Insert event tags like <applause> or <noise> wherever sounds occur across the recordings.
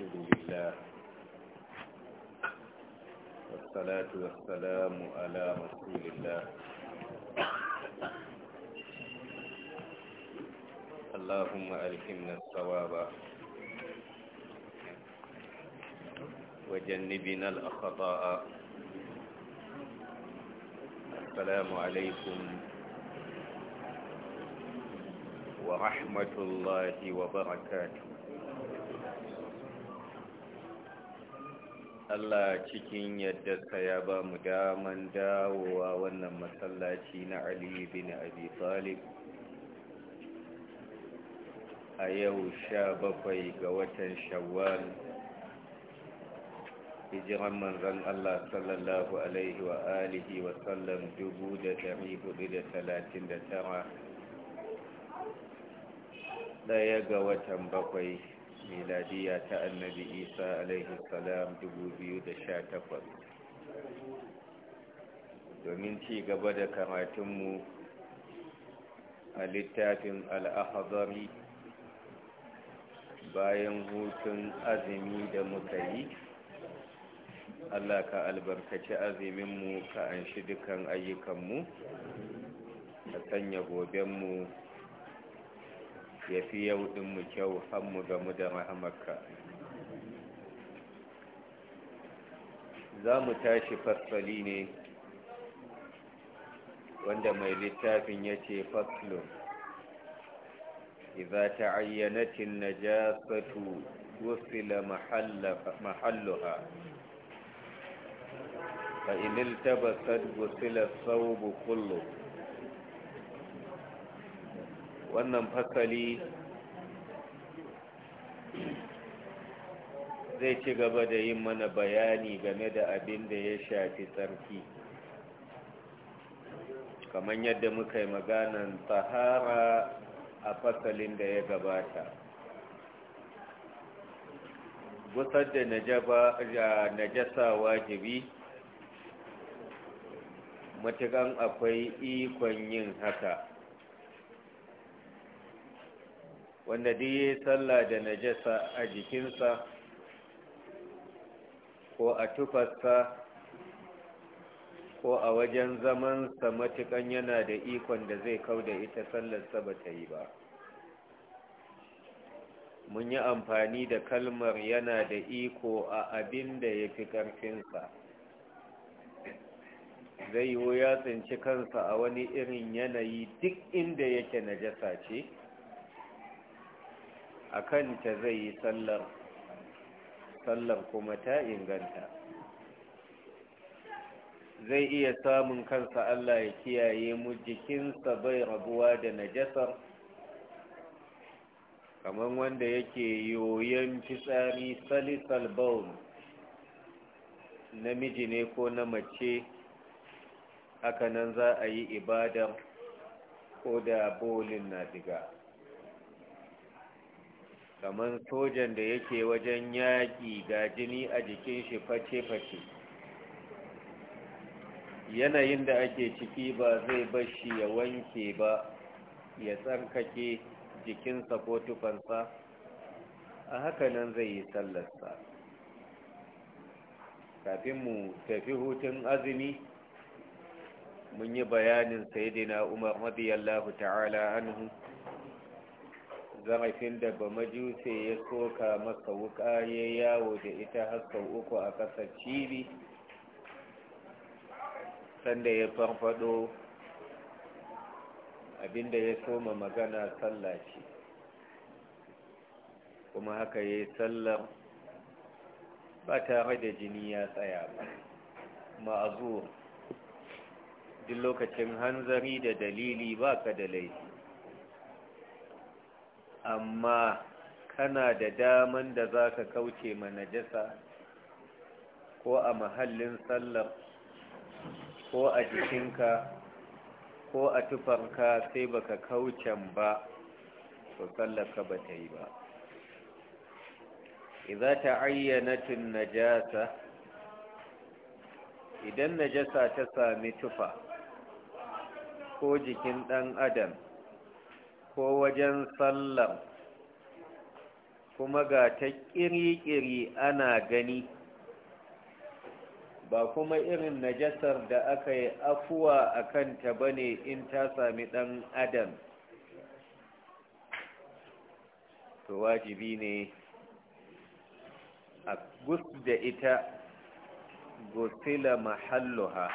الحمد لله والصلاة والسلام على رسول الله اللهم ألهمنا الصواب وجنبنا الأخطاء السلام عليكم ورحمة الله وبركاته Allah cikin ka ya ba mu daman dawowa wannan masallaci na Ali bin Abi Talib a yau sha bakwai ga watan Shawwal hijiran manzon Allah sallallahu alaihi wa alihi wa sallam tara. ɗaya ga watan bakwai miladiya ta annabi isa alaihi salam 2018 domin ci gaba da karatunmu a littafin al'ahazari bayan hutun azumi da muka yi Allah ka albarkaci azuminmu ka anshi dukan ayyukanmu ka sanya gobenmu ya fi yau ɗinmu kyau hannu gamu da rahamarka za mu tashi fasfali ne wanda mai littafin ya ce faslun iza ta ayyanatin na jasatu wasila mahalluha taba tabbatar wasila sau kullum wannan fasali zai ci gaba da yin mana bayani game da abin da ya shafi tsarki kamar yadda muka yi maganan sahara a fasalin da ya gabata gusar da najasa wajibi matukan akwai ikon yin haka wanda duk yi sallah da najasa a jikinsa ko a tufarsa ko a wajen zamansa matukan yana da ikon da zai kau da ita sallarsa ba ta yi ba mun yi amfani da kalmar yana da iko a abin da ya fi ƙarfinsa zai yi ya tsinci kansa a wani irin yanayi duk inda yake najasa ce a kanta zai yi sallar sallar kuma ta inganta zai iya samun kansa Allah ya kiyaye mu jikinsa bai rabuwa da najasar kamar wanda yake yoyon fitsari salisal baul namiji ne ko na mace haka nan za a yi ibadar ko da bolin na diga kamar sojan da yake wajen yaƙi ga jini a jikin shi face-face yanayin da ake ciki ba zai bashi ya wanke ba ya tsarkake jikinsa ko tufansa a hakanan zai yi sallarsa kafin mu tafi hutun azumi mun yi bayanin sayidina umar radiyallahu ta'ala anhu zarafin da ba majuse ya soka masa wuka ya yawo da ita haskar uku a ƙasar cibi sanda ya farfado abinda ya soma magana sallah ce kuma haka ya yi sallar ba tare da jini ya tsaya ba ma'azur duk lokacin hanzari da dalili ba ka da laifi amma kana da daman da za ka kauce ma najasa ko a mahallin sallar ko a jikinka ko a tufarka sai ba ka kaucen ba to sallarka ba ta yi ba idza ta'ayyanatun najasa idan najasa ta sami tufa ko jikin dan adam ko wajen sallar kuma ga ta ƙiri-ƙiri ana gani ba kuma irin najasar da aka yi afuwa a kanta ba ne in ta sami ɗan adam to wajibi ne a gus da ita gusila mahalluha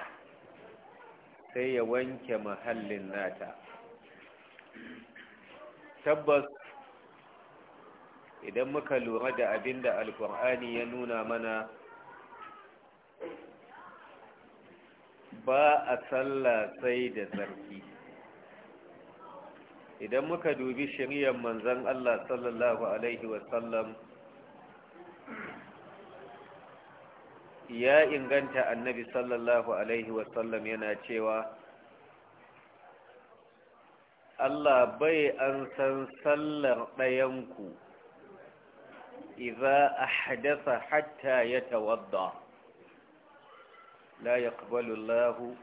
sai ya wanke mahallin nata tabbas idan muka lura da abin da alkur'ani ya nuna mana ba a tsalla sai da tsarki idan muka dubi shiriyar manzan Allah sallallahu Alaihi wasallam ya inganta annabi sallallahu Alaihi wasallam yana cewa Allah bai an san sallar ɗayanku a hadasa hatta yatawadda la yaqbalu Allah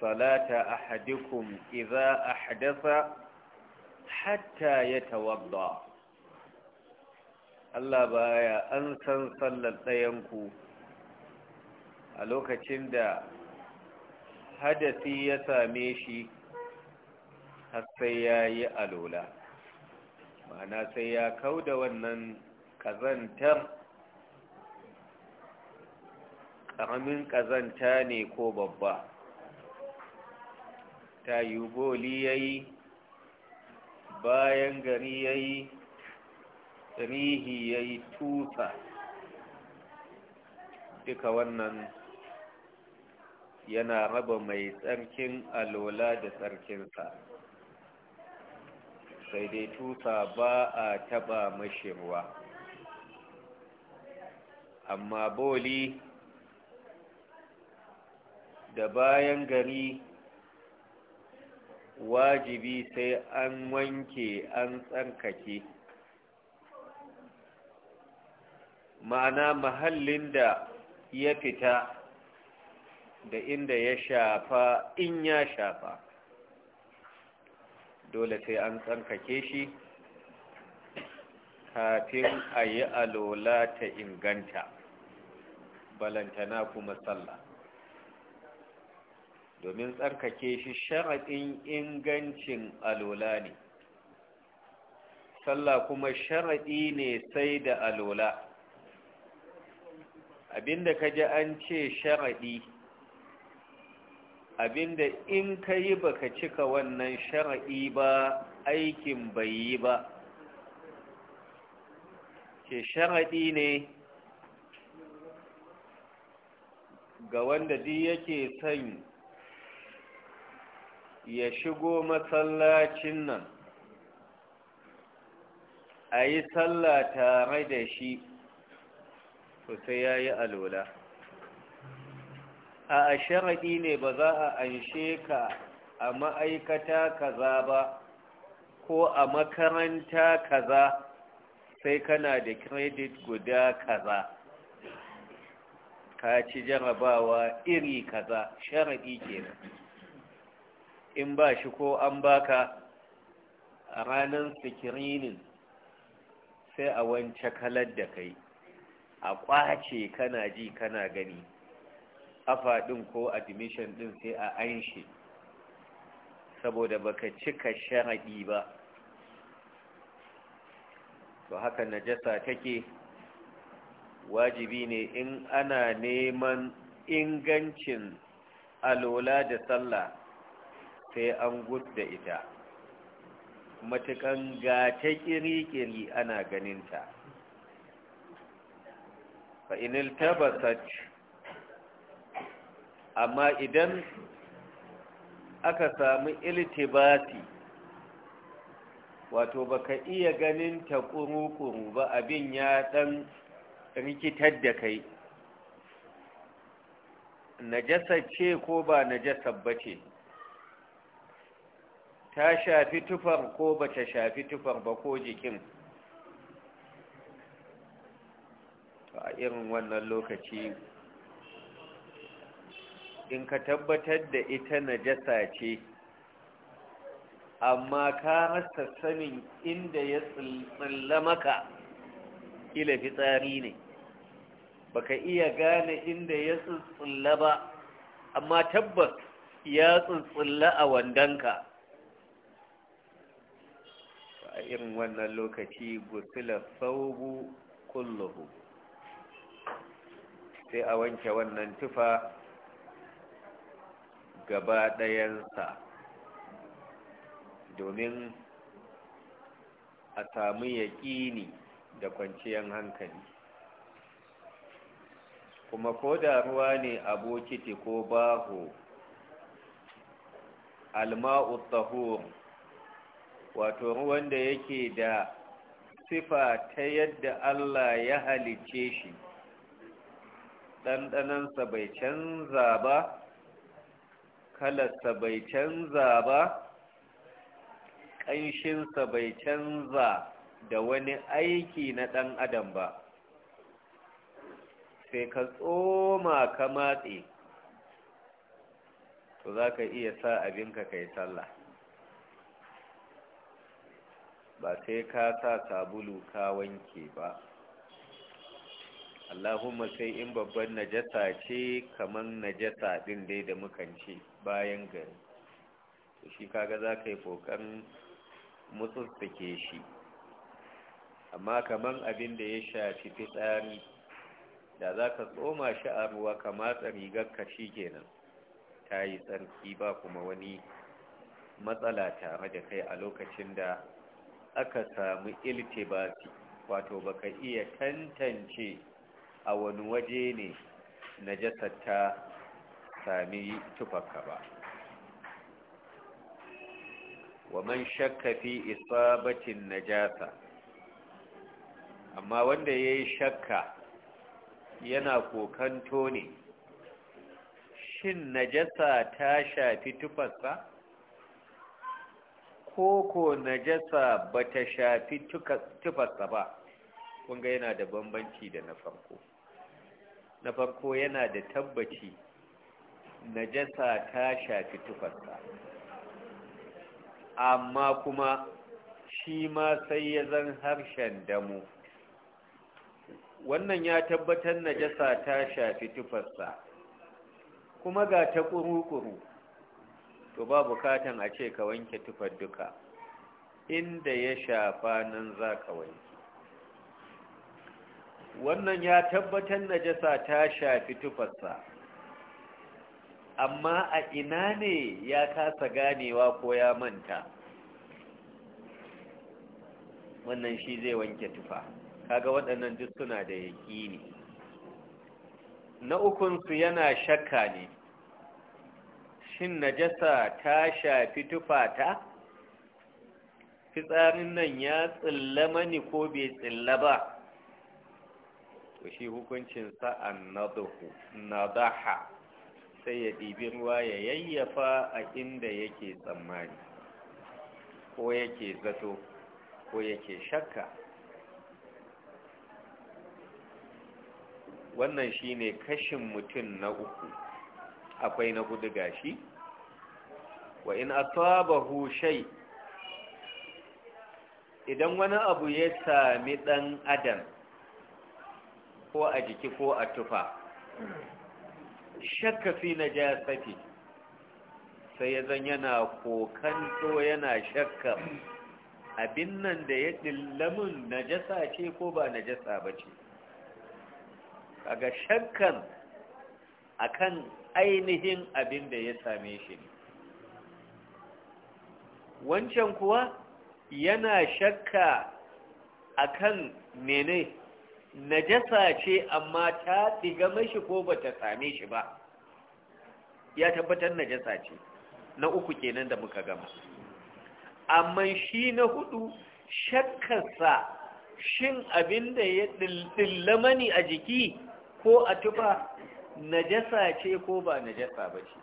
salata ahadikum a hadasa hatta ya yatawadda Allah baya an san sallar ɗayanku a lokacin da hadasi ya same shi har sai ya yi alola ma'ana sai ya kau da wannan kazantar ƙaramin ƙazanta ne ko babba ta yi boli ya yi bayan gari ya yi rihi ya yi tusa duka wannan yana raba mai tsarkin alola da tsarkinsa sai dai tusa ba a taba mashi ruwa amma boli da bayan gari wajibi sai an wanke an tsankake ma'ana mahallin da ya fita da inda ya shafa in ya shafa dole sai an tsankake shi kafin a yi alola ta inganta balantana kuma sallah domin tsarkake shi sharaɗin ingancin alola ne sallah kuma sharaɗi ne sai da alola abinda ka ji an ce sharaɗi abinda in ka yi baka cika wannan shara'i ba aikin bai yi ba ke sharaɗi ne ga wanda duk yake son ya shigo masallacin nan a yi sallah tare da shi to sai ya yi alwala a sharaɗi ne ba za a anshe ka a ma'aikata kaza ba ko a makaranta kaza sai kana da kredit guda kaza ka ci jarabawa iri kaza sharaɗi kenan in ba shi ko an baka a ranar sikirinin sai a wance kalar da kai a kwace kana ji kana gani afa ɗin ko admission ɗin sai a anshi saboda baka cika sharaɗi ba to haka najasa take wajibi ne in ana neman ingancin alola da sallah sai an gudda ita matukan gata kiri-kiri ana ganinta fa'inil tabbasat amma idan aka samu iltibati wato baka iya ganin ta kuru-kuru ba abin ya dan rikitar da kai najasa ce ko ba najasa ce ta shafi tufar ko ba ta shafi tufar ba ko jikin a irin wannan lokaci in ka tabbatar da ita najasa ce amma ka rasa sanin inda ya tsalla maka ila fitsari ne baka iya gane inda ya tsalla ba amma tabbas ya tsalla a wandanka irin wannan lokaci gusula saubu kullum. sai a wanke wannan tufa gaba ɗayansa domin a samu yaƙini da kwanciyar hankali kuma ko da ruwa ne a bokiti ko baho alma'u tahur wato ruwan da yake da sifa ta yadda Allah ya halicce shi ɗanɗanansa bai canza ba kalarsa bai canza ba ƙanshinsa bai canza da wani aiki na ɗan adam ba sai ka tsoma ka matse to za ka iya sa abinka kai sallah ba sai ka sa sabulu ka wanke ba Allahumma sai in babban najasa ce kaman najasa din dai da mukan ce bayan gari shi kaga za ka yi kokarin mutsustake shi amma kamar abin da ya shafi fitsari da za ka tsoma shi a ruwa ka matsa ka shi kenan ta yi tsarki ba kuma wani matsala tare da kai a lokacin da aka samu iltibati wato baka iya tantance a wani waje ne najasar ta sami tufarka ba wa man shakka fi isabatin najasa amma wanda ya yi shakka yana kokanto ne shin najasa ta shafi tufarka koko najasa ba ta shafi tufarka ba kunga yana da bambanci da na farko na farko yana da tabbaci najasa ta shafi tufarsa amma kuma shi ma sai ya zan harshen damu wannan ya tabbatar najasa ta shafi tufarsa kuma ga ta kuru-kuru to ba bukatan a ce ka wanke tufar duka inda ya shafa nan za ka wanke wannan ya tabbatar najasa ta shafi tufarsa amma a ina ne ya kasa ganewa ko ya manta wannan shi zai wanke tufa kaga waɗannan duk suna da yaƙini na ukunsu yana shakka ne shin najasa ta shafi tufata fitsarin nan ya tsilla mani ko bai tsilla ba to shi hukuncinsa an nadaha sai ya ɗibi ruwa ya yayyafa a inda yake tsammani ko yake zato ko yake shakka wannan shine kashin mutum na uku akwai na gudu gashi wa in asabahu shay idan wani abu ya sami dan adam ko a jiki ko a tufa shakka fi najasati sai ya zan yana kokanto yana shakka abin nan da ya dillamin najasa ce ko ba najasa ba ce kaga shakkan akan ainihin abin da ya same shi wancan kuwa yana shakka akan mene najasa ce amma ta diga mashi ko ba ta same shi ba ya tabbatar najasa ce na uku kenan da muka gama amma shi na hudu shakkarsa shin abin da ya dillamani a jiki ko a tufa najasa ce ko ba najasa ba ce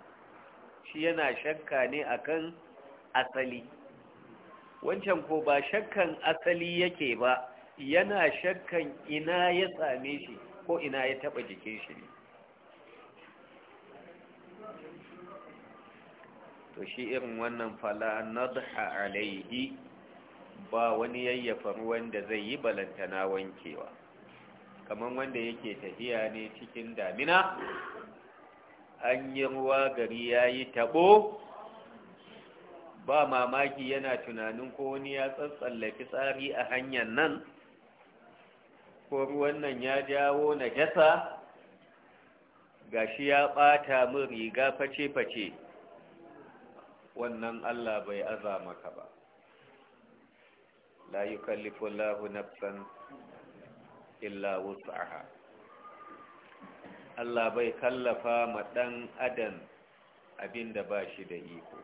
shi yana shakka ne akan asali wancan ko ba shakkan asali yake ba yana shakkan ina ya tsame shi ko ina ya taba jikin shi ne to shi irin wannan fala nadha alaihi ba wani yayyafa ruwan da zai yi balantana wankewa kamar wanda yake tafiya ne cikin damina an yi ruwa gari ya yi tabo ba mamaki yana tunanin ko wani ya tsallaki tsari a hanyar nan ko ruwan nan ya jawo na ga shi ya ɓata min riga face-face wannan Allah bai aza maka ba la yukallifu Allahu nafsan illa wus'aha Allah bai kallafa ma dan adam da ba shi da iko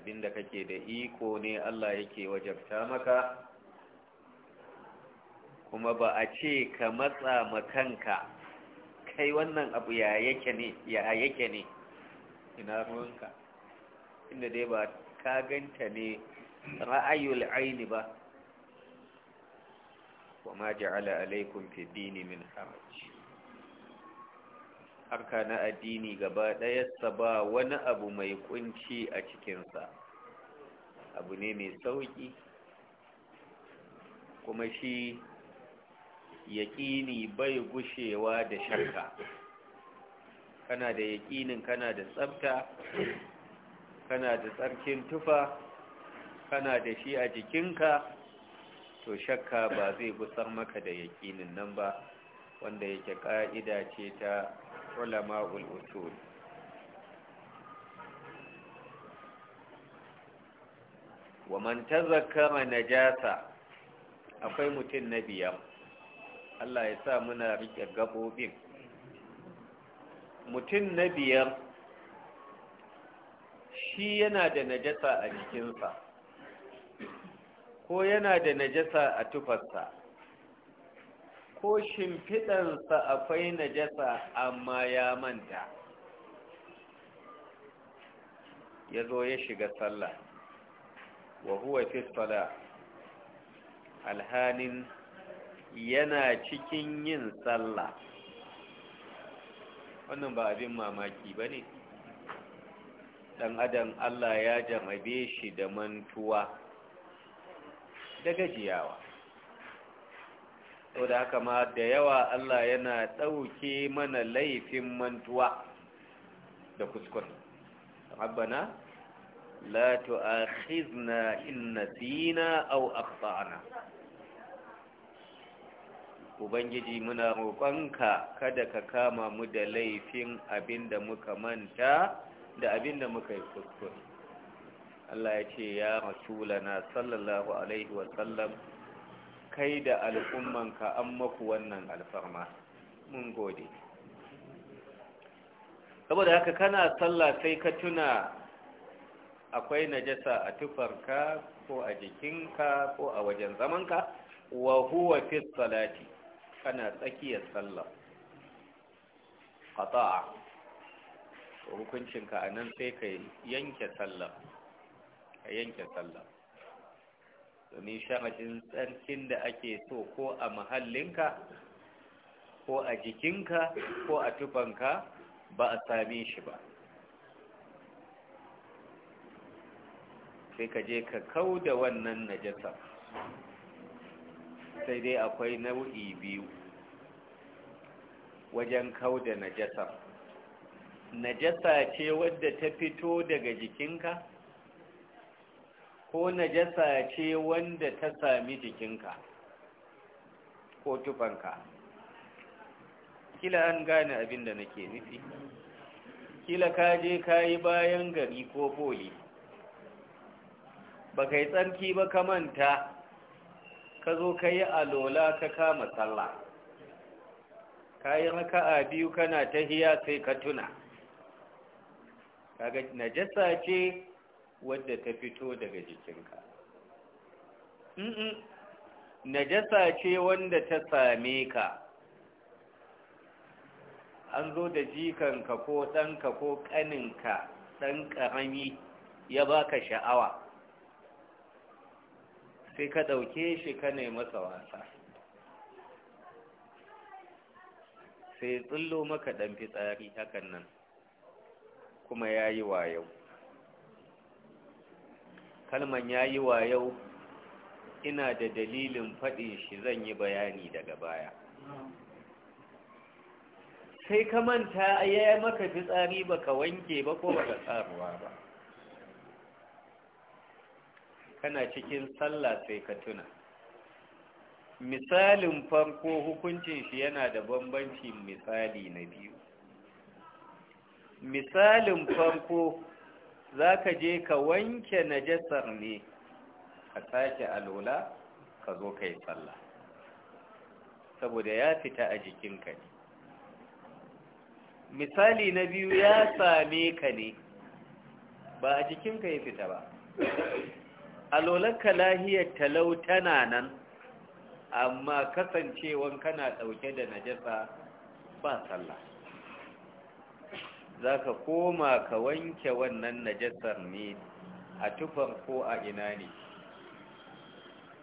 Abin da kake da iko ne Allah yake wajabta maka kuma ba a ce ka matsa kanka. kai wannan abu ya yake ne ya yake ne ina ruwanka inda dai ba ka ganta ne ra'ayul aini ba wa ma ja'ala alaikum fi dini min haraj harka na addini gaba sa ba wani abu mai kunci a cikinsa abu ne mai sauƙi kuma shi yaƙini bai gushewa da shakka kana da yaƙinin kana da tsabta kana da tsarkin tufa kana da shi a jikinka to shakka ba zai gusar maka da yaƙinin nan ba wanda yake ƙa'ida ce ta ulama usul wa man tazakkara najasa akwai mutum na biyar Allah ya sa muna riƙe gabobin mutum na biyar shi yana da najasa a jikinsa ko yana da najasa a tufarsa ko shimfiɗansa akwai najasa amma ya manta ya zo ya shiga sallah wa huwa fi sallah alhanin yana cikin yin sallah wannan ba abin mamaki ba ne ɗan adam Allah ya jamabe shi da mantuwa da gajiyawa sau da haka ma da yawa Allah yana ɗauke mana laifin mantuwa da kuskure abana la tu'akhizna in nasina aw akhtana ubangiji muna roƙonka kada ka kama mu da laifin abin da muka manta da abin da muka yi kuskure Allah ya ce ya rasulana sallallahu alaihi sallam, kai da al'ummanka an maku wannan alfarma mun gode saboda haka kana sallah sai ka tuna akwai najasa a tufarka ko a jikinka ko a wajen zamanka wa huwa fi salati kana tsakiyar sallah qata'a hukuncinka a nan sai ka yanke sallah ka yanke sallah domin sharajin tsarkin da ake so ko a mahallinka ko a jikinka ko a tufanka ba a same shi ba sai ka je ka kau da wannan najasa sai dai akwai nau'i biyu wajen kau da najasa najasa ce wadda ta fito daga jikinka ko najasa ce wanda ta sami jikinka ko tufanka kila an gane abin da nake nufi kila ka je ka yi bayan gari ko foli ba ka yi tsarki ba ka manta ka zo ka yi alola ka kama sallah raka raka'a biyu kana ta tahiya sai ka tuna kaga najasa ce wadda ta fito daga jikinka najasa ce wanda ta same ka an zo da jikanka ko ɗanka ko ƙaninka ɗan ƙarami ya baka sha'awa sai ka ɗauke shi ka ne masa wasa sai tsullo maka ɗan fitsari hakan nan kuma ya yi wayo. kalman ya yi wayau ina da dalilin faɗin shi zan yi bayani daga baya sai ka manta ya maka fitsari baka wanke ba ko baka tsaruwa ba kana cikin sallah sai ka tuna misalin farko hukuncin shi yana da bambanci misali na biyu misalin farko za ka je ka wanke najasar ne ka sake alola ka zo ka yi sallah saboda ya fita a jikinka ne misali na biyu ya same ka ne ba a jikinka ya fita ba alolanka lahiyar talau tana nan amma kasancewan kana ɗauke da najasa ba sallah za ka koma ka wanke wannan najasar ne a tufan ko a ina ne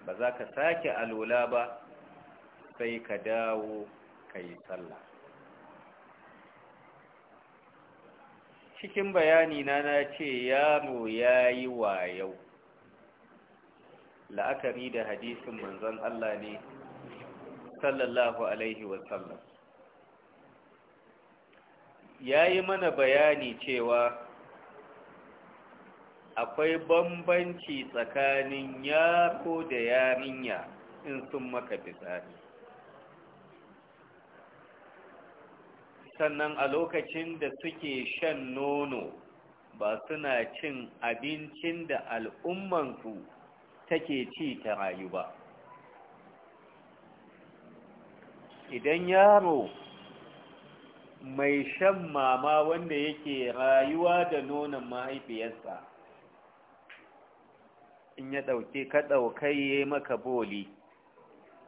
ba za ka sake alola ba sai ka dawo ka yi sallah cikin bayani na na ce yaro ya yi wayau la'akari da hadisin manzon Allah ne sallallahu alaihi wasallam ya yi mana bayani cewa akwai bambanci tsakanin yaro da yarinya in sun maka fitsari sannan a lokacin da suke shan nono ba suna cin abincin da al'ummansu take ci ta rayu ba idan yaro mai shan mama wanda yake rayuwa da nonon mahaifiyarsa in ya ɗauke ka ɗaukai maka boli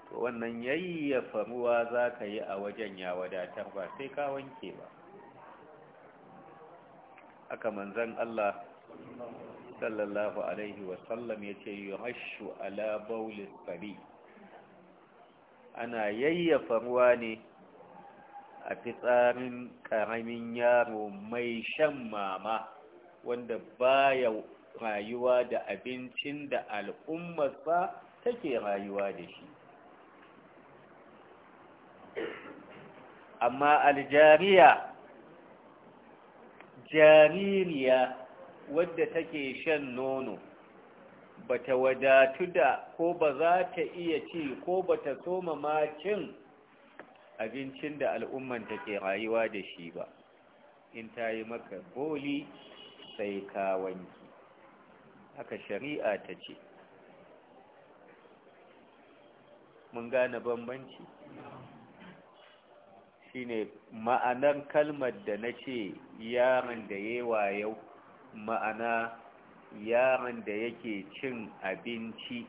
to wannan yayyafa ruwa za ka yi a wajen ya wadatar ba sai ka wanke ba aka manzan Allah sallallahu alaihi wasallam ya ce yi hashu ala baulis fari ana yayyafa ruwa ne a fitsarin ƙaramin yaro mai shan mama wanda baya rayuwa da abincin da al'ummar ba take rayuwa da shi amma aljariya jaririya wadda take shan nono ba ta wadatu da ko ba za ta iya ci ko ba ta soma ma cin abincin da al'umman ke rayuwa da shi ba in ta yi maka boli sai ka wanki haka shari'a ta ce mun gane bambanci shine ma'anar kalmar da na ce yaron da yawa yau ma'ana yaron da yake cin abinci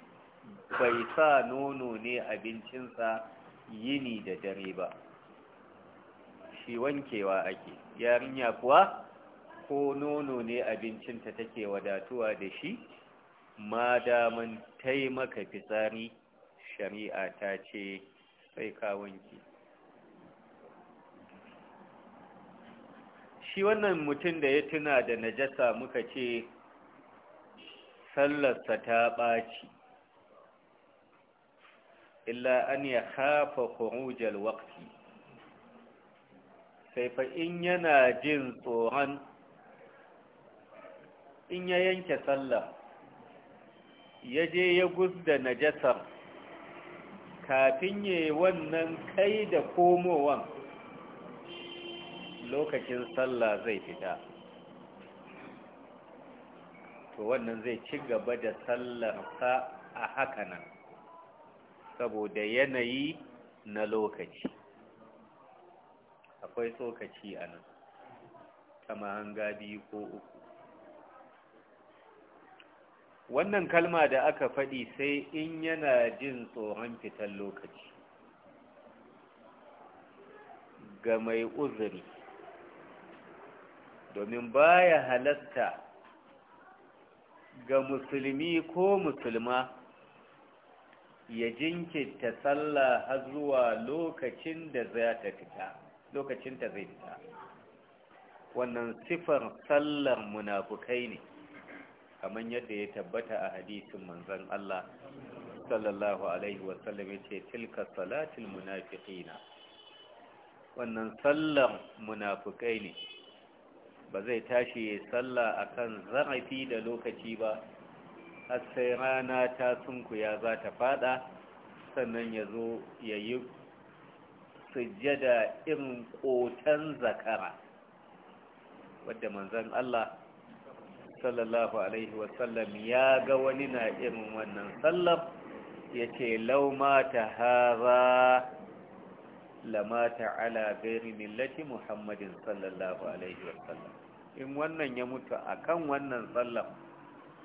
bai sa nono ne abincinsa yini da dare ba shi wankewa ake yarinya kuwa ko nono ne abincinta take wadatuwa da shi ma daman taimaka fitsari shari'a ta ce sai ka wanke shi wannan mutum da ya tuna da najasa muka ce sallarsa ta ɓaci illa an ya hafa kurujal waƙi sai fa yana jin tsoron in ya yanke sallar ya je ya gusda najasar kafin ya yi wannan kai da komowan lokacin sallah zai fita to wannan zai ci gaba da sallarsa a haka nan saboda yanayi na lokaci akwai tsokaci a nan kama hanga biyu ko uku wannan kalma da aka faɗi sai in yana jin tsoron fitan lokaci ga mai uzuri domin baya halatta ga musulmi ko musulma ya jinkirta sallah har zuwa lokacin da za ta fita lokacin ta zai fita wannan sifar sallar munafukai ne kamar yadda ya tabbata a hadisin manzon Allah sallallahu alaihi wasallam ce, tilka salatul munafiqina wannan sallar munafukai ne ba zai tashi ya salla a kan zarafi da lokaci ba har sai rana ta sunkuya za ta fada sannan ya zo ya yi sujjada irin ƙotan zakara wadda manzan Allah sallallahu alaihi wasallam ya ga wani na irin wannan sallar ya ce lauma ta haza lamata ala gairi millati muhammadin sallallahu alaihi wasallam in wannan ya mutu akan wannan sallam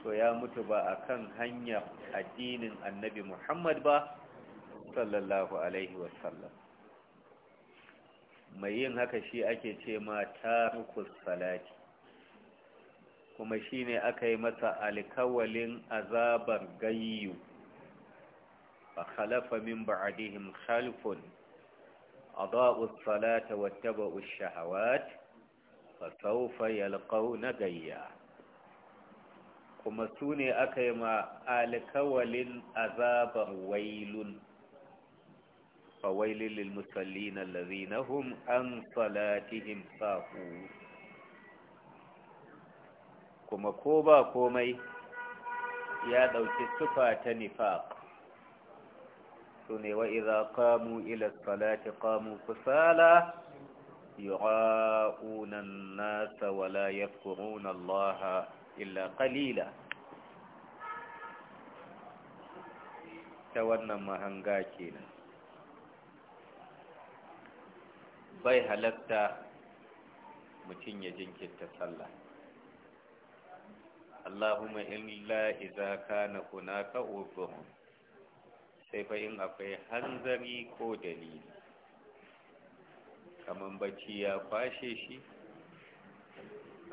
to ya mutu ba akan hanyar addinin annabi muhammad ba sallallahu alaihi wasallam mai yin haka shi ake ce ma tarukus salati kuma shine aka yi masa alkawalin azabar gayyu fa khalafa min ba'dihim khalfun أضاءوا الصلاة واتبعوا الشهوات فسوف يلقون جيا كما سوني أكيما آل كول أذاب ويل فويل للمسلين الذين هم عن صلاتهم ساهون كما كوبا كومي يا ذوي الصفات نفاق su ne wa iza kamu ila salati kamu kusala nasa الناس ولا يذكرون الله إلا قليلا ta wannan mahanga kenan bai halatta mutum ya jinkirta sallah Allahumma illa iza kana ka udhurun sai fa in akwai hanzari ko dalili kaman bacci ya kwashe shi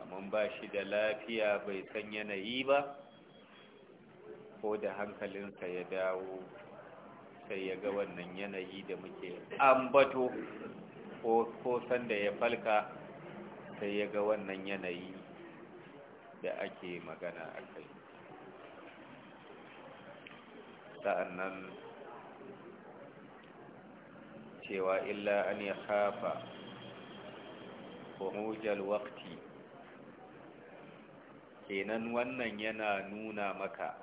kaman ba shi da lafiya bai san yanayi ba ko da hankalinsa ya dawo sai ya ga wannan yanayi da muke ambato ko sanda ya falka sai ya ga wannan yanayi da ake magana a kai sa'annan cewa illa an ya hafa kurujal wakti kenan wannan yana nuna maka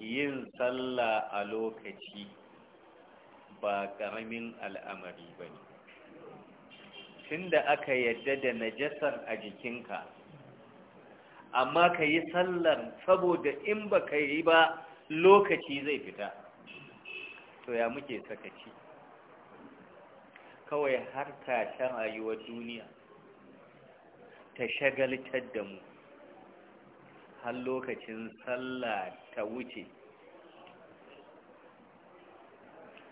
yin sallah a lokaci ba ƙaramin al'amari ba ne tun da aka yadda da najasar a jikinka amma ka yi sallar saboda in ba ka yi ba lokaci zai fita to ya muke sakaci kawai harka ta rayuwar duniya ta shagaltar da mu har lokacin sallah ta wuce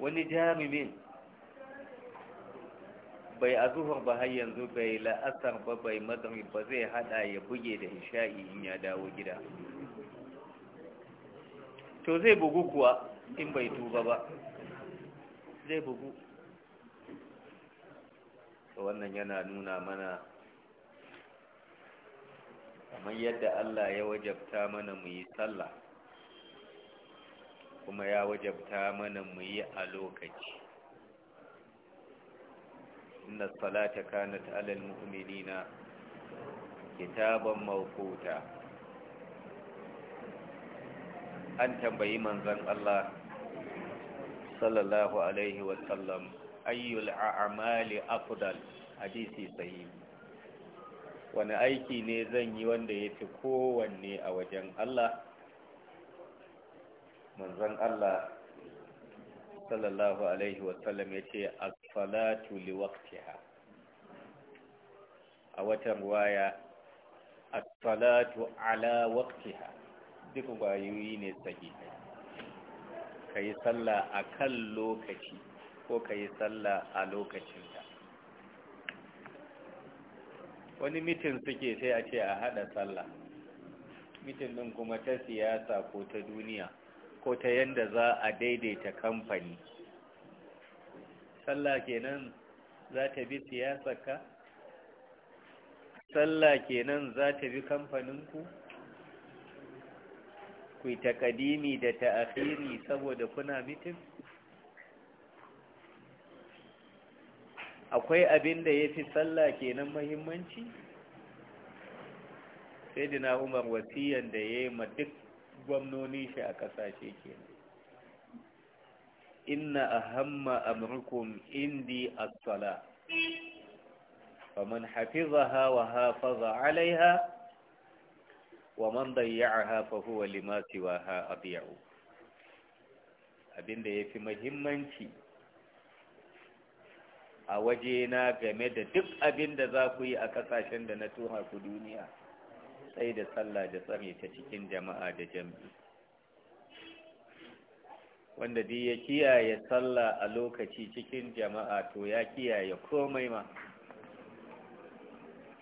wani jami'in bai a zuhur ba har yanzu bai la'asar ba bai magrib ba zai hada ya buge da isha'i in ya dawo gida to zai bugu kuwa in bai tuba ba zai bugu wannan yana nuna mana kamar yadda Allah ya wajabta mana mu yi sallah kuma ya wajabta mana mu yi a lokaci inna salata kanat alal mu'minina kitaban mawquta an tambayi manzon Allah sallallahu alaihi wasallam ayyul a'mali afdal hadisi sahihi wani aiki ne zan yi wanda ya fi kowanne a wajen Allah manzon Allah sallallahu alaihi wasallam ya ce as-salatu waqtiha a watan waya as-salatu ala waqtiha duk wayoyi ne sahihai kai sallah akan lokaci ko ka yi sallah a lokacinta wani mitin suke sai a ce a haɗa sallah mitin ɗin kuma ta siyasa ko ta duniya ko ta yadda za a daidaita kamfani sallah kenan za ta bi siyasarka sallah kenan za ta bi kamfaninku ku yi takadimi da ta'akhiri saboda kuna mitin akwai abin da ya fi sallah kenan mahimmanci sai dina umar wasiyan da ya yi ma duk gwamnoni shi a ƙasashe kenan inna ahamma amurkum indi as-sala hafi zaha wa hafaza alaiha wa man a hafa huwa lima ha adiyu abinda fi mahimmanci a waje na game da duk abin da za ku yi a ƙasashen da na tuha ku duniya sai da sallah da tsare ta cikin jama'a da jam'i wanda dai ya kiyaye sallah a lokaci cikin jama'a to ya kiyaye komai ma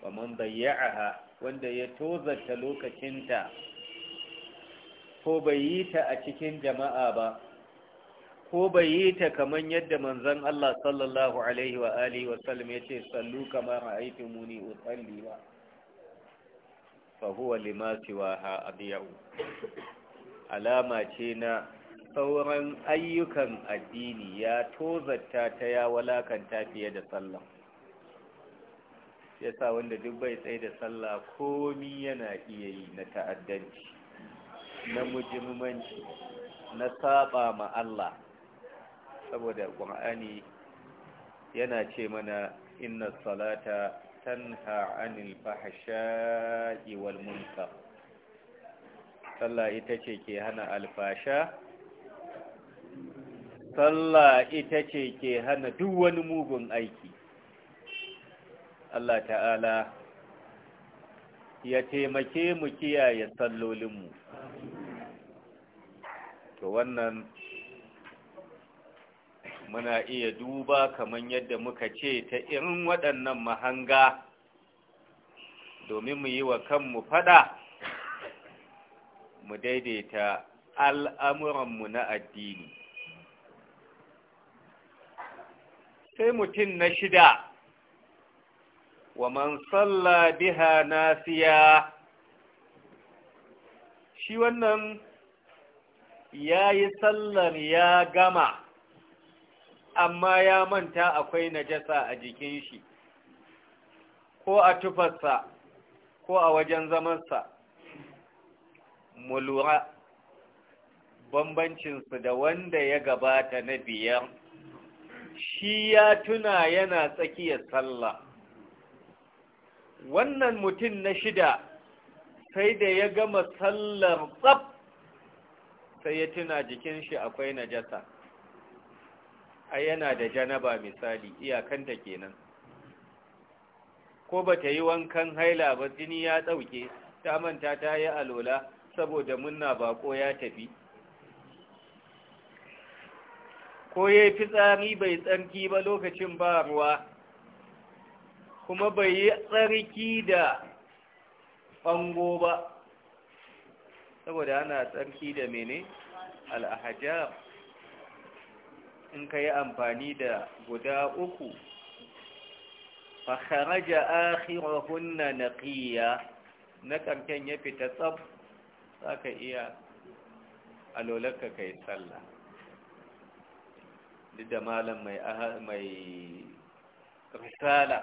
wa man bayya'aha wanda ya tozarta lokacinta ko bai yi ta a cikin jama'a ba ko bai yi ta kaman yadda manzon Allah sallallahu alaihi wa alihi wa sallam ce, sallu kama aiki muni usalli ba fahuwa limasiwa ha siwaha alama ce na sauran ayyukan addini ya tozarta ta ya walakanta fiye da sallan. yasa wanda duk bai tsaye da sallah komi yana iya yi na ta'addanci na mujimmanci na saba ma Allah saboda ƙur'ani yana ce mana inna salata tanha anil fahsha'i wal munkar sallah ita ce ke hana alfasha sallah ita ce ke hana duk wani mugun aiki Allah ta'ala ya taimake mu kiyaye sallolinmu to wannan muna iya duba kamar yadda muka ce ta irin waɗannan mahanga domin mu yi wa kanmu fada mu daidaita al'amuranmu na addini sai mutum na shida wa man salla biha siya. shi wannan ya yi sallar ya gama amma ya manta akwai najasa a jikin shi ko a tufarsa ko a wajen zamansa mu lura bambancinsu da wanda ya gabata na biyar shi ya tuna yana tsakiyar sallah wannan mutum na shida sai da ya gama sallar tsab sai ya tuna jikin shi akwai najasa a yana da janaba misali iyakanta kenan ko ba ta yi wankan haila ba jini ya ɗauke ta manta ta yi alola saboda munna bako ya tafi ko ya yi fitsari bai tsarki ba lokacin ba ruwa kuma bai yi tsarki da bango ba saboda ana tsarki da mene al'ahajar in ka yi amfani da guda uku fakharaja akhirahunna naqiya na karken ya fita tsab zaka iya alolarka kai sallah duk da malam mai mai risala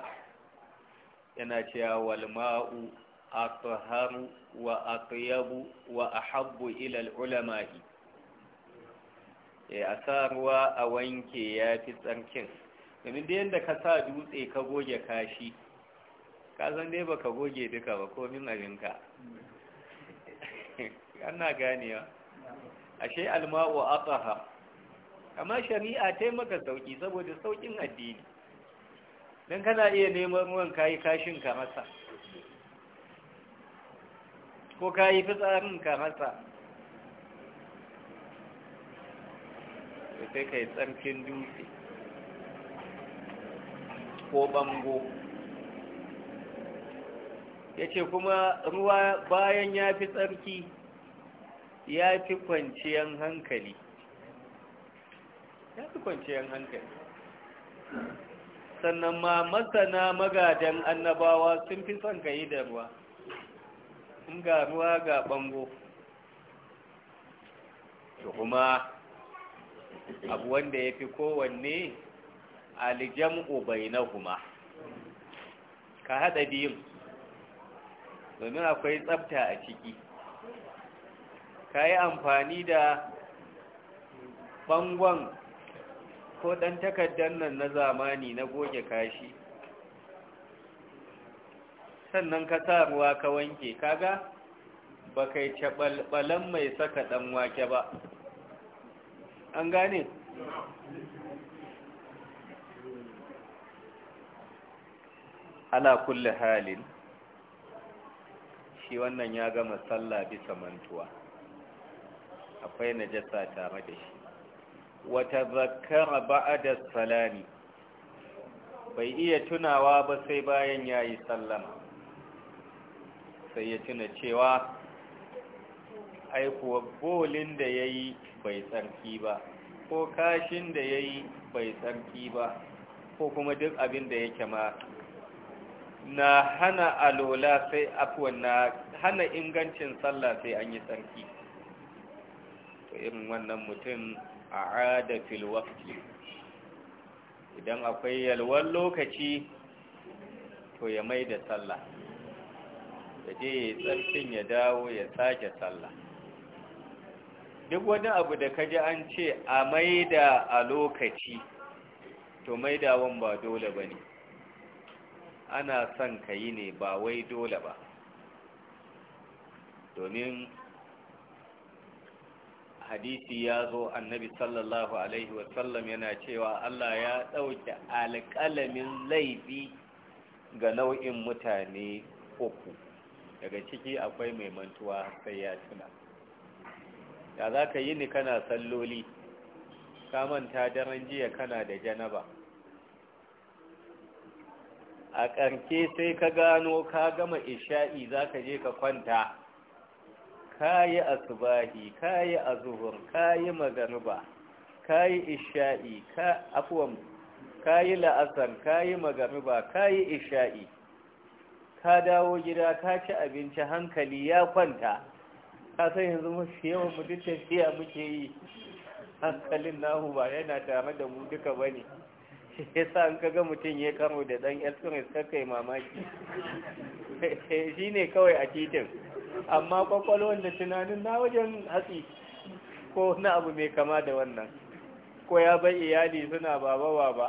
yana cewa wal ma'u atharu wa atyabu wa ahabbu ila al ulama'i Eh, a sa ruwa a wanke ya fi tsarkin domin da yadda ka sa dutse ka goge kashi ka san dai ba ka goge duka ba komin abinka <laughs> ana ganewa ashe alma'u a tsaha. amma shari'a ta yi maka sauki saboda saukin addini don kana iya neman ruwan kayi kashin ka masa ko kayi fitsarin ka masa sai ka yi tsarkin dutse ko bango ya ce kuma ruwa bayan ya fi tsarki ya fi kwanciyan hankali ya fi kwanciyan hankali sannan ma masana magadan annabawa sun fi son ka yi da ruwa in ga ruwa ga bango kuma abu wanda ya fi kowanne na bainahuma ka haɗa biyun domin akwai tsafta a ciki ka yi amfani da bangon ko ɗan takardar nan na zamani na goge kashi sannan ka sa ruwa ka wanke kaga ba kai caɓalɓalan mai saka ɗan wake ba an gane ala kulle halin shi wannan ya gama sallah bisa mantuwa akwai najasa tare da shi wata zakara ba'ada salami bai iya tunawa ba sai bayan ya yi sallama sai ya tuna cewa aikuwa bolin da ya yi bai tsarki ba ko kashin da ya yi bai tsarki ba ko kuma duk abin da yake ma na hana alola sai afuwa na hana ingancin sallah sai an yi tsarki to irin wannan mutum a adafil wakti idan akwai yalwar lokaci to ya mai da sallah da je tsarkin ya dawo ya sake sallah duk wani abu da kaji an ce a maida a lokaci to maidawan ba dole ba ne ana son ka yi ne ba wai dole ba domin hadisi ya zo annabi sallallahu alaihi wasallam yana cewa Allah ya ɗauke alƙalamin laifi ga nau'in mutane uku daga ciki akwai mai mantuwa sai ya tuna da za ka yi ni kana salloli ka manta daren jiya kana da janaba a ƙarke sai ka gano ka gama isha'i za ka je ka kwanta ka yi asubahi ka yi azuhur ka yi magaruba ka yi isha'i ka afuwan ka yi la'asar ka yi kayi ka yi isha'i ka dawo gida ka ci abinci hankali ya kwanta san yanzu mafi yawan mu duk tafiya muke yi hankalin nahu ba yana tare da mu duka ba ne Ya sa an kaga mutum ya karo da dan elfiris kaka yi mamaki <laughs> shi ne kawai a titin amma kwakwalwar da tunanin na wajen hatsi ko na abu mai kama da wannan ko ya bai iyali suna baba ba?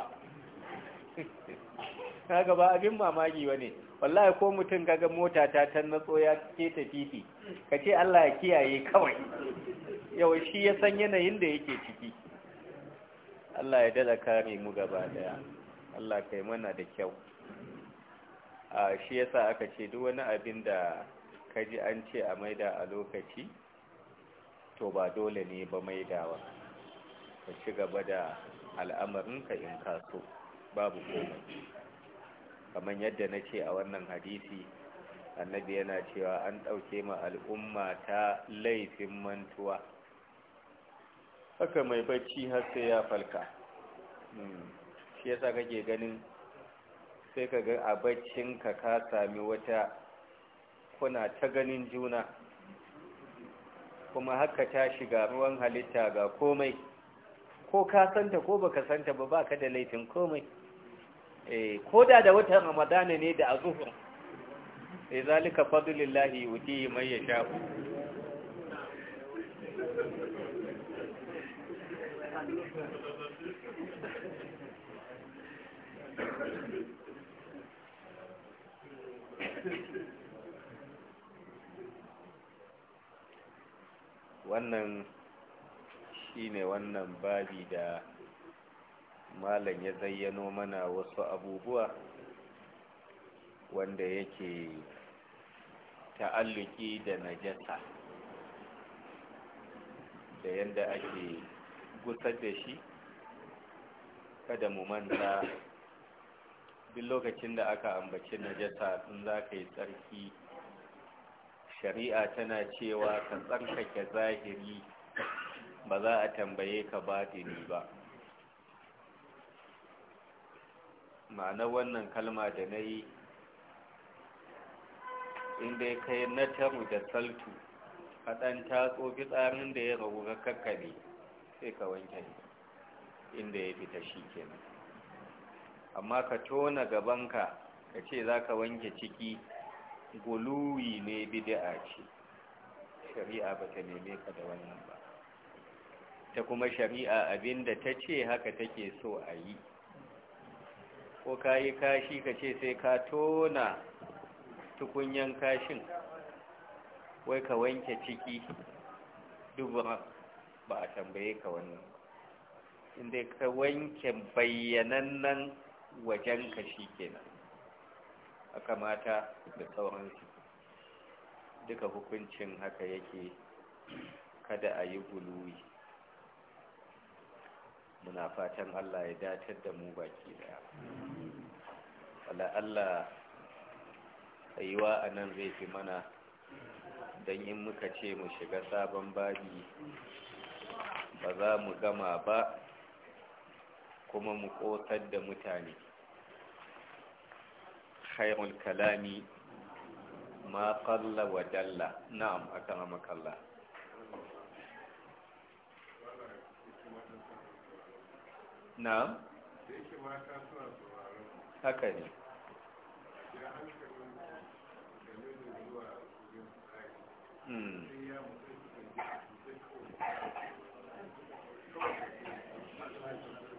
<laughs> kaga ba abin mamaki ba ne wallahi ko mutum kaga mota ta ta natso ya ta titi ka ce Allah ya kiyaye kawai yau shi ya san yanayin da yake ciki Allah ya dada kare mu gaba daya Allah kai mana da kyau a shi yasa aka ce duk wani abin da ka ji an ce a maida a lokaci to ba dole ne ba maidawa ka ci gaba da ka in kaso babu komai kamar yadda na ce a wannan hadisi annabi yana cewa an ɗauke ma al'umma ta laifin mantuwa haka mai bacci har sai ya falka hmm. shi yasa kake ganin sai ka ga a baccinka ka sami wata kuna ta ganin juna kuma haka ta shiga ruwan halitta ga komai ko ka santa ko baka santa ba baka da laifin komai Eh, ko da da watan ramadana ne da azuhur e zalika fadlillahi yuti man yasha wannan shine wannan babi da malam ya zayyano mana wasu abubuwa wanda yake ta'alluki da najasa da yadda ake gusar da shi kada mu manta duk lokacin da aka ambaci najasa sun za ka yi tsarki shari'a tana cewa ka tsarkake zahiri ba za a tambaye ka batini ba ma'ana wannan kalma da na yi inda ya kai na taru da saltu a ɗan tatso fitsarin da ya ragu ga kakkane sai ka wanke inda ya fita shi kenan amma ka tona gabanka ka ce za ka wanke ciki guluwi ne bid'a ce shari'a ba ta neme ka da wannan ba ta kuma shari'a abinda ta ce haka take so a yi ko ka yi kashi ka ce sai ka tona tukunyan kashin wai ka wanke ciki dubura ba a tambaye ka wannan inda ka wanke bayyanannan wajen ka shi kenan a kamata da sauransu duka hukuncin haka yake kada a yi guluwi muna fatan Allah ya datar da mu baki daya wala Allah tsayuwa a nan zai fi mana don in muka ce mu shiga sabon babi ba za mu gama ba kuma mu kotar da mutane khairul kalami ma wa dalla na'am akan makalla na haka ne hmm.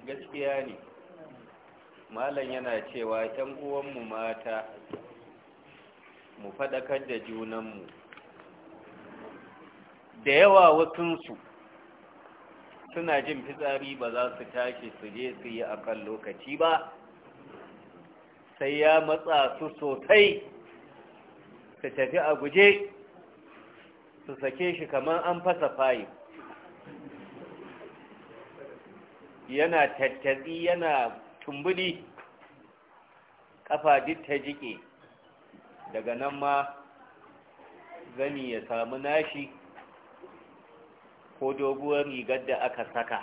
gaskiya ne malam yana cewa ‘yan uwanmu mata mu faɗakar da junanmu da yawa wasunsu suna jin fitsari ba za su tashi su je su yi a kan lokaci ba sai ya matsa su sosai su tafi a guje su sake shi kamar an fasa fayi yana tattatsi yana tumbuli kafa duk ta jike daga nan ma gani ya samu nashi ko doguwar rigar da aka saka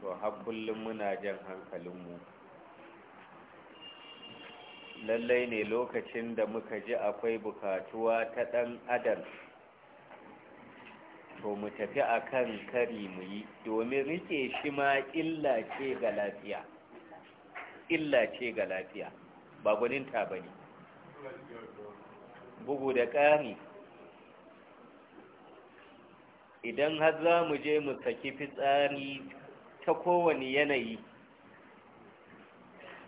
to har kullum muna jan hankalinmu lallai ne lokacin da muka ji akwai bukatuwa ta ɗan adam to mu tafi a kan kari mu yi domin rike shi ma illa ce ga lafiya illa ce ga lafiya ba gwaninta ba ne bugu da ƙari idan har za mu je mu saki fitsari ta kowane yanayi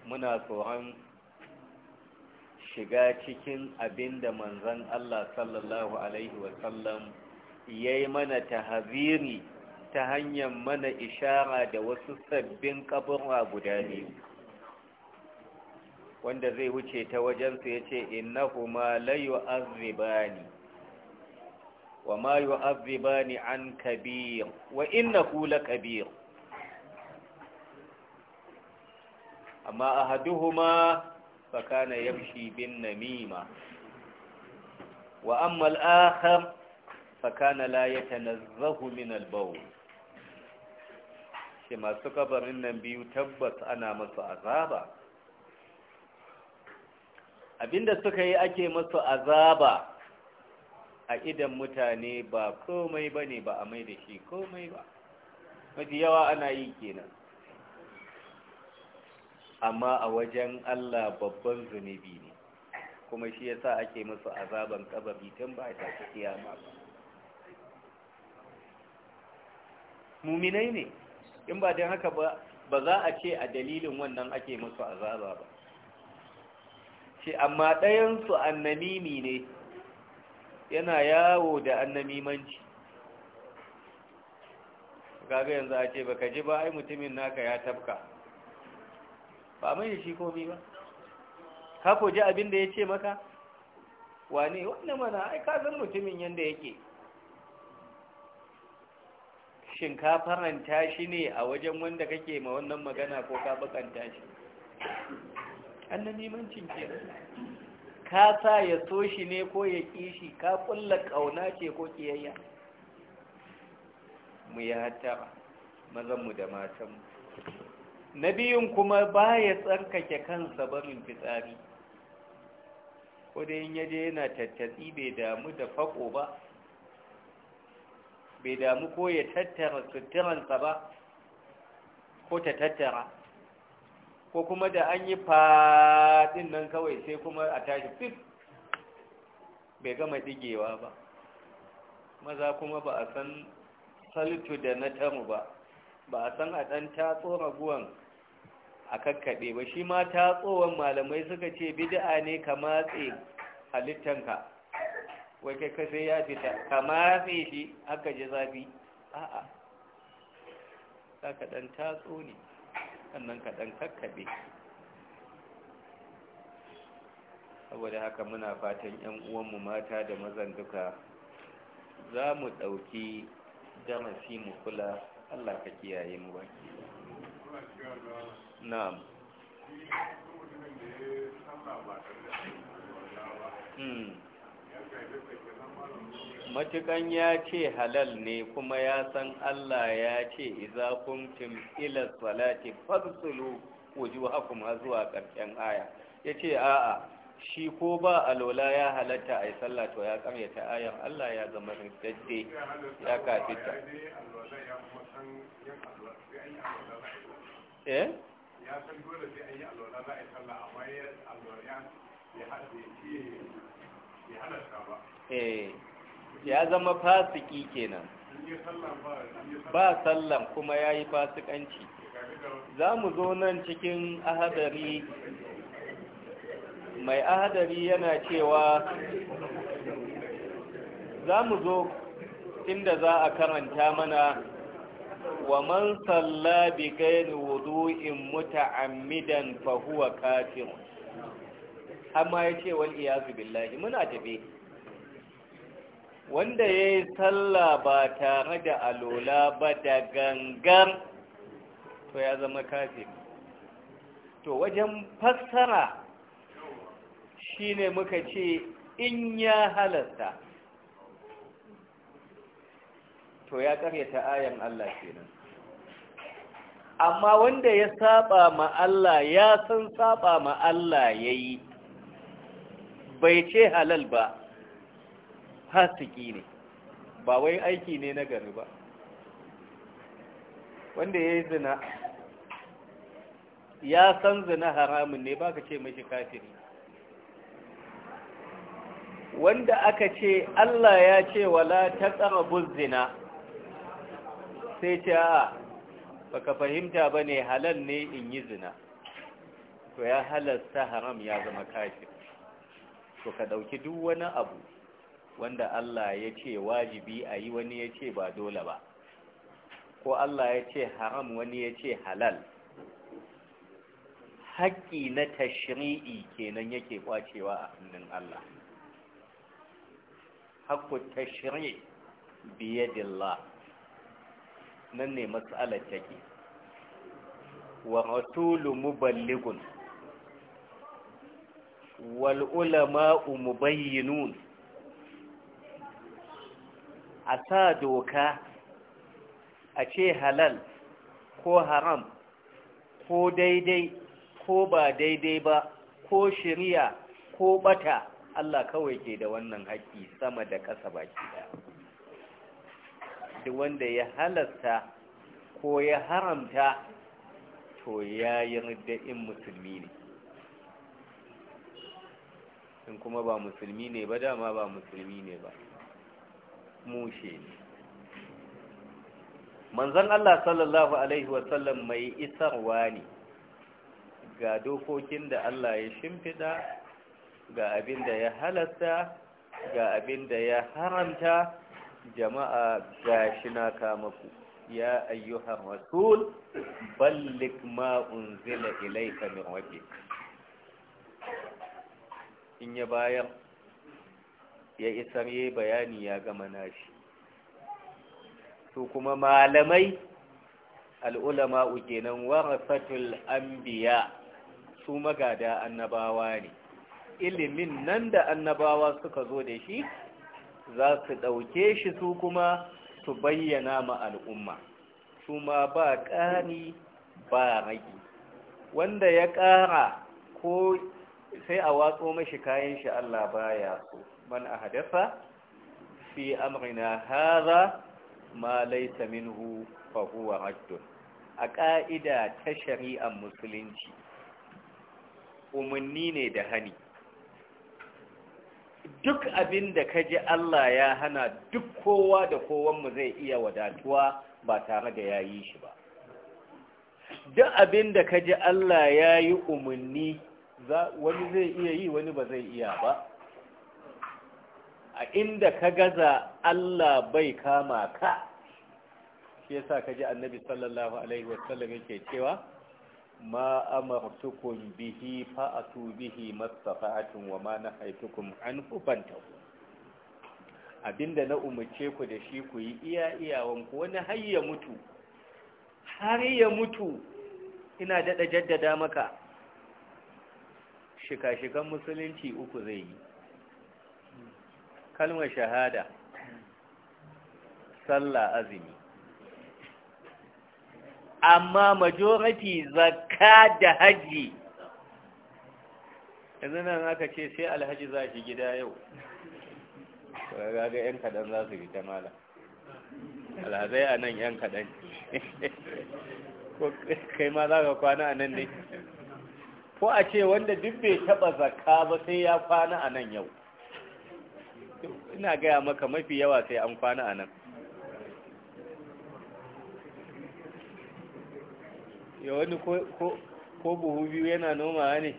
muna tsoron shiga cikin abin da manzan Allah sallallahu Alaihi wasallam ya yi mana tahaziri ta hanyar mana ishara da wasu sabbin kaburwa guda biyu wanda zai wuce ta wajensu ya ce innahu ma layu azribani wa ma yu'azzibani an kabir wa kula Kabir. amma ahaduhuma fa kana yamshi bin namima wa amma al-akhar la yatanazzahu min al shi masu kabarin nan biyu tabbas ana masu azaba abinda suka yi ake masu azaba a idan mutane ba komai ba ne ba a mai da shi komai ba mafi yawa ana yi kenan amma a wajen Allah babban zunubi ne kuma shi yasa ake musu azaban kabari tun ba ta ma ba muminai ne in ba don haka ba ba za a ce a dalilin wannan ake musu azaba ba ce amma ɗayansu annamimi ne yana yawo da annamimanci gaga yanzu a ce baka ji ba ai mutumin naka ya tabka ba mai shi komi ba ka ko ji abin da ya ce maka wane wane mana ai ka mutumin yadda yake shin ka faranta shi ne a wajen wanda kake ma wannan magana ko ka bakanta shi annamimancin ke ka sa ya so shi ne ko ya ƙi shi ka ƙulla ƙauna ce ko ƙiyayya mu yi hatta mazanmu da matanmu na biyun kuma ba ya tsarkake kansa barin fitsari ko da yin yaje yana tattatsi bai damu da fako ba bai damu ko ya tattara suturansa ba ko ta tattara ko kuma da an yi faɗin nan kawai sai kuma a tashi fif bai gama ɗigewa ba maza kuma ba a san salitu da na tamu ba ba a san a ɗan tatso raguwan a kakkaɓe ba shi ma tatsowan malamai suka ce bid'a ne ka matse halittanka wai kai kasai ya fita ka matse shi haka ji zafi a'a za ka ɗan tatso ne sannan ka ɗan kakkaɓe saboda haka muna fatan 'yan uwanmu mata da mazan duka za mu ɗauki damasi mu kula allah ka kiyaye mu baki na'am Hmm. matukan ya ce halal ne kuma ya san Allah ya ce iza kumtum ila salati fagsulu wujuhakum zuwa karshen aya yace a'a shi ko ba alola ya halatta ai sallah to ya kamyata ayan Allah ya zama riddadde ya kafita eh ya san dole sai alola za a yi sallah amma ya alola ya halatta ba eh ya zama fasiki kenan ba sallam kuma ya yi fasikanci za mu zo nan cikin ahadari mai ahadari yana cewa za mu zo inda za a karanta mana wa man salla bi gairi wudu'in muta'ammidan fa huwa kafir amma yace wal iyazu billahi muna tafe wanda ya yi sallah ba tare da alola ba da gangan to ya zama kafin to wajen fassara shine muka ce in ya halasta to ya karyata ayan Allah kenan amma wanda ya saba ma Allah ya san saba ma Allah yayi bai ce halal ba fasiki ne ba wai aiki ne na gari ba wanda ya yi zina ya san zina haramun ne ba ka ce mashi kafiri wanda aka ce Allah ya ce wala ta tsarabun zina sai ce a baka fahimta ba ne halal ne in yi zina to ya halasta haram ya zama kafir to ka ɗauki duk wani abu wanda Allah ya ce wajibi a yi wani ya ce ba dole ba ko Allah ya ce haram wani ya ce halal haƙƙi na tashri'i kenan yake ƙwacewa a hannun Allah tashiri tashri'i dilla nan ne matsalar take wa rasulu muballigun wal ulama'u mubayyinun a sa doka a ce halal ko haram ko daidai ko ba daidai ba ko shirya ko bata Allah kawai ke da wannan haƙƙi sama da ƙasa baki ɗaya Da wanda ya halasta ko ya haramta to ya yarda in musulmi ne in kuma ba musulmi ne ba dama ba musulmi ne ba mushe manzan Allah sallallahu alaihi wasallam mai isarwa ne ga dokokin da Allah ya shimfida ga abin da ya halatta ga abin da ya haramta jama'a ga shi na kamaku ya ayyuhar rasul ballik ma unzila ilai min in ya bayan ya isa ya bayani ya gama nashi su kuma malamai al'ulama kenan warasatul anbiya su magada annabawa ne ilimin nan da annabawa suka zo da shi za su ɗauke shi su kuma su bayyana ma al'umma su ma ba ƙani ba ragi wanda ya ƙara ko sai a watso mashi kayan shi Allah baya so man أهدف fi أمرنا هذا ma ليس منه فهو huwa أقائد a ka'ida ta دهني musulunci umarni ne da hani duk abin da ka ji Allah ya hana duk kowa da kowanmu zai iya wadatuwa ba tare da ya yi shi ba duk abin da ka ji Allah ya yi umarni wani zai iya yi wani ba zai iya ba a inda ka gaza Allah bai kama ka shi yasa kaji annabi sallallahu alaihi wasallam yake cewa ma amartukum bihi fa'atu bihi mastafa'atun wa ma an anhu fantahu abinda na umarce ku da shi ku yi iya iyawan ku wani hayya mutu har ya mutu ina daɗa jaddada maka shika-shikan musulunci uku zai yi kalmar shahada sallah azumi amma majority zakka da haji yanzu nan aka ce sai alhaji za shi gida yau ga 'yan kaɗan za su ta mala alhazai a nan 'yan kaɗan kai ma za ka kwana a nan ne ko a ce wanda duk bai taɓa zakka ba sai ya kwana a nan yau ina gaya maka mafi yawa sai an kwana a nan ya wani ko buhu biyu yana noma ne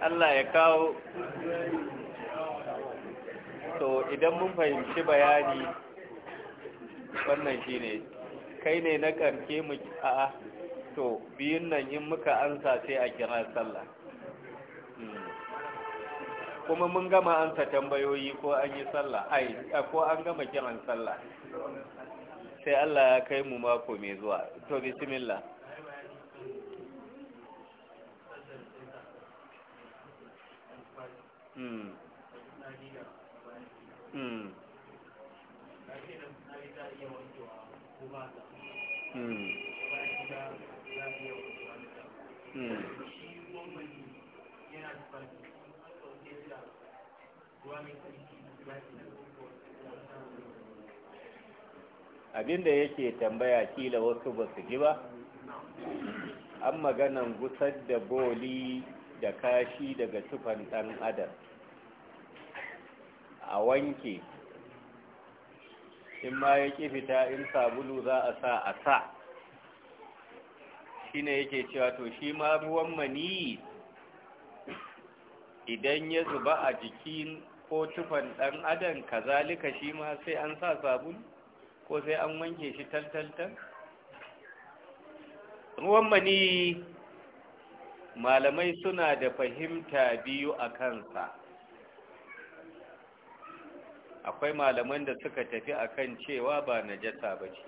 Allah ya kawo to idan mun fahimci bayani wannan ne kai ne na karke mu a'a to biyun nan in muka ansa sai a kira sallah kuma mun gama ansa tambayoyi ko an yi sallah ai ko an gama kiran sallah sai Allah ya kai mu mako mai zuwa to bismillah mm Hmm. hmm. hmm. Abin da yake tambaya kila wasu ba su ji ba an maganan gusar da boli da kashi daga tufan ɗan adam a wanke in ma ya ƙi fita in sabulu za a sa a sa Shi ne yake cewa to shi ma ruwan mani idan ya zuba a jikin ko tufan ɗan adam kazalika shi ma sai an sa sabulu ko sai an wanke shi taltaltal ruwan mani malamai suna da fahimta biyu a kansa akwai malaman da suka tafi akan cewa ba na najasa ba ce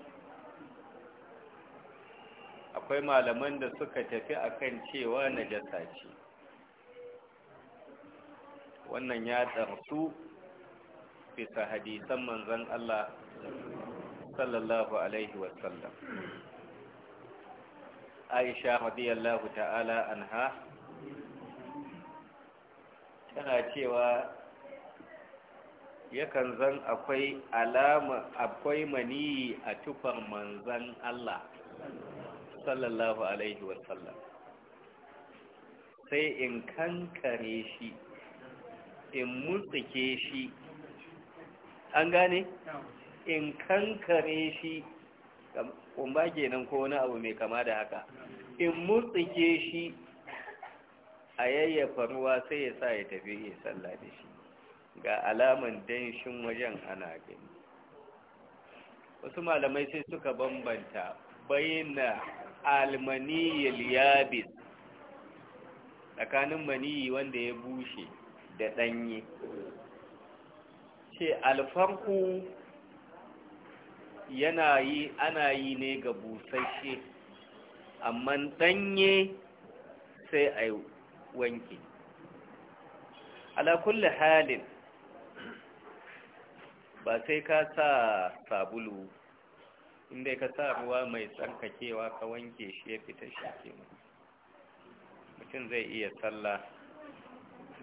akwai malaman da suka tafi akan cewa najasa ce wannan ya tsarsu bisa hadisan manzon Allah sallallahu alaihi wasallam Aisha radiyallahu ta'ala anha tana cewa yakan zan akwai alama akwai maniyi a tufar manzan Allah sallallahu alaihi wasallam sai in kankare shi in murtuke shi an gane in kankare shi ke kenan ko wani abu mai kama da haka in murtuke shi a yayyafa ruwa sai ya sa ya tafi ya salla da shi ga alaman danshin wajen ana gani wasu malamai sai suka bambanta bayyana Almaniyyar yabis tsakanin Maniyyi wanda ya bushe da ɗanye ce alfarku yana yi ana yi ne ga busasshe amma ɗanye sai a wanki. alakulli halin ba sai ka sa sabulu inda ka sa ruwa mai tsarkakewa ka wanke shi ya fita shi ke mutum zai iya tsalla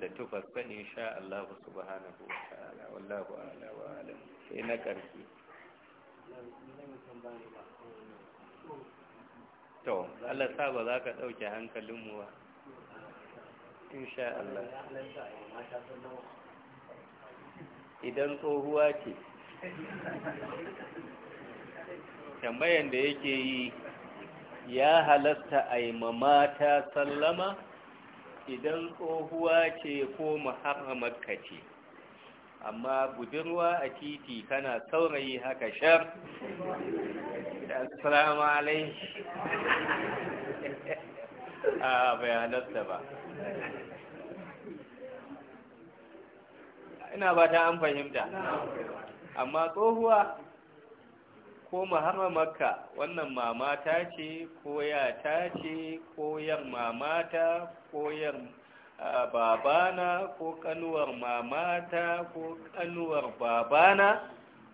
da tufasta insha Allah hana wa ta'ala wallahu ala wa alam sai na ƙarfi to Allah sa ba za ka ɗauke hankalinmu ba insha Allah idan tsohuwa ce tambayan da yake yi ya halasta a yi mamata sallama idan tsohuwa ce ko muharramarka ce amma budurwa a titi kana saurayi haka shar asirama alai <laughs> a ah, bayanarsa ba ina ba ta an fahimta amma tsohuwa ko Makka wannan mamata ce ko yata ce ko 'yan mamata ko 'yan babana ko kanuwar mamata ko kanuwar babana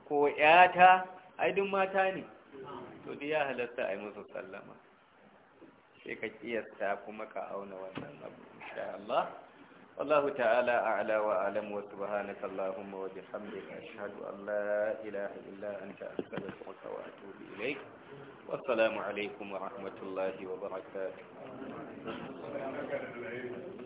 ko yata aidin mata ne to ya halatta a yi musu sallama sai ka kiyasta kuma ka auna wannan abu insha Allah والله تعالى أعلى وأعلم وسبحانك اللهم وبحمدك أشهد أن لا إله إلا أنت أستغفرك وأتوب إليك والسلام عليكم ورحمة الله وبركاته